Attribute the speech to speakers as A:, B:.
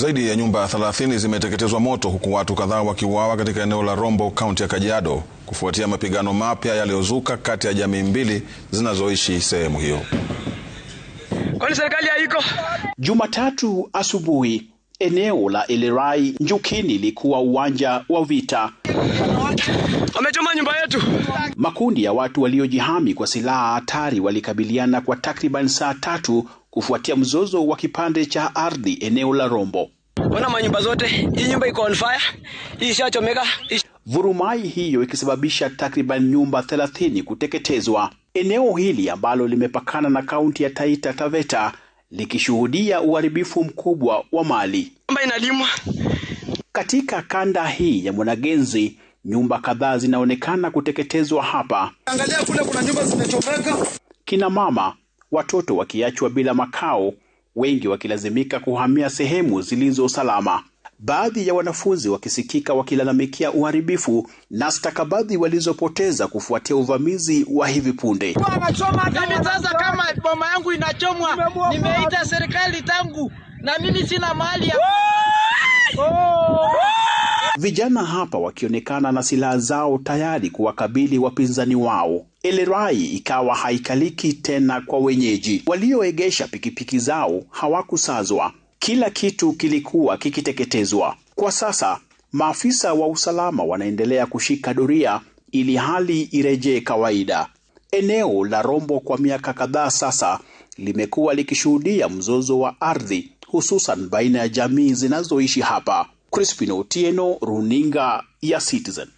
A: Zaidi ya nyumba 30 zimeteketezwa moto huku watu kadhaa wakiuawa katika eneo la Rombo, kaunti ya Kajiado kufuatia mapigano mapya yaliyozuka kati ya jamii mbili zinazoishi sehemu hiyo.
B: Kwani serikali haiko?
C: Jumatatu asubuhi eneo la Elerai Njukini likuwa uwanja wa vita.
B: Wamechoma nyumba yetu.
C: Makundi ya watu waliojihami kwa silaha hatari walikabiliana kwa takriban saa tatu kufuatia mzozo wa kipande cha ardhi eneo la Rombo.
B: Ona manyumba zote, hii nyumba iko on fire, hii ishachomeka.
C: Vurumai hiyo ikisababisha takriban nyumba 30 kuteketezwa. Eneo hili ambalo limepakana na kaunti ya Taita Taveta likishuhudia uharibifu mkubwa wa mali.
B: Nyumba inalimwa.
C: Katika kanda hii ya Mwanagenzi nyumba kadhaa zinaonekana kuteketezwa hapa.
B: Angalia kule kuna nyumba zimechomeka.
C: Kina mama watoto wakiachwa bila makao, wengi wakilazimika kuhamia sehemu zilizo salama. Baadhi ya wanafunzi wakisikika wakilalamikia uharibifu na stakabadhi walizopoteza kufuatia uvamizi wa hivi punde.
B: Mimi sasa, kama boma yangu inachomwa, nimeita serikali tangu, na mimi sina mali ya
C: vijana hapa wakionekana na silaha zao tayari kuwakabili wapinzani wao. Elerai ikawa haikaliki tena kwa wenyeji. Walioegesha pikipiki zao hawakusazwa, kila kitu kilikuwa kikiteketezwa. Kwa sasa maafisa wa usalama wanaendelea kushika doria ili hali irejee kawaida. Eneo la Rombo kwa miaka kadhaa sasa limekuwa likishuhudia mzozo wa ardhi, hususan baina ya jamii zinazoishi hapa. Crispin Otieno, runinga ya Citizen.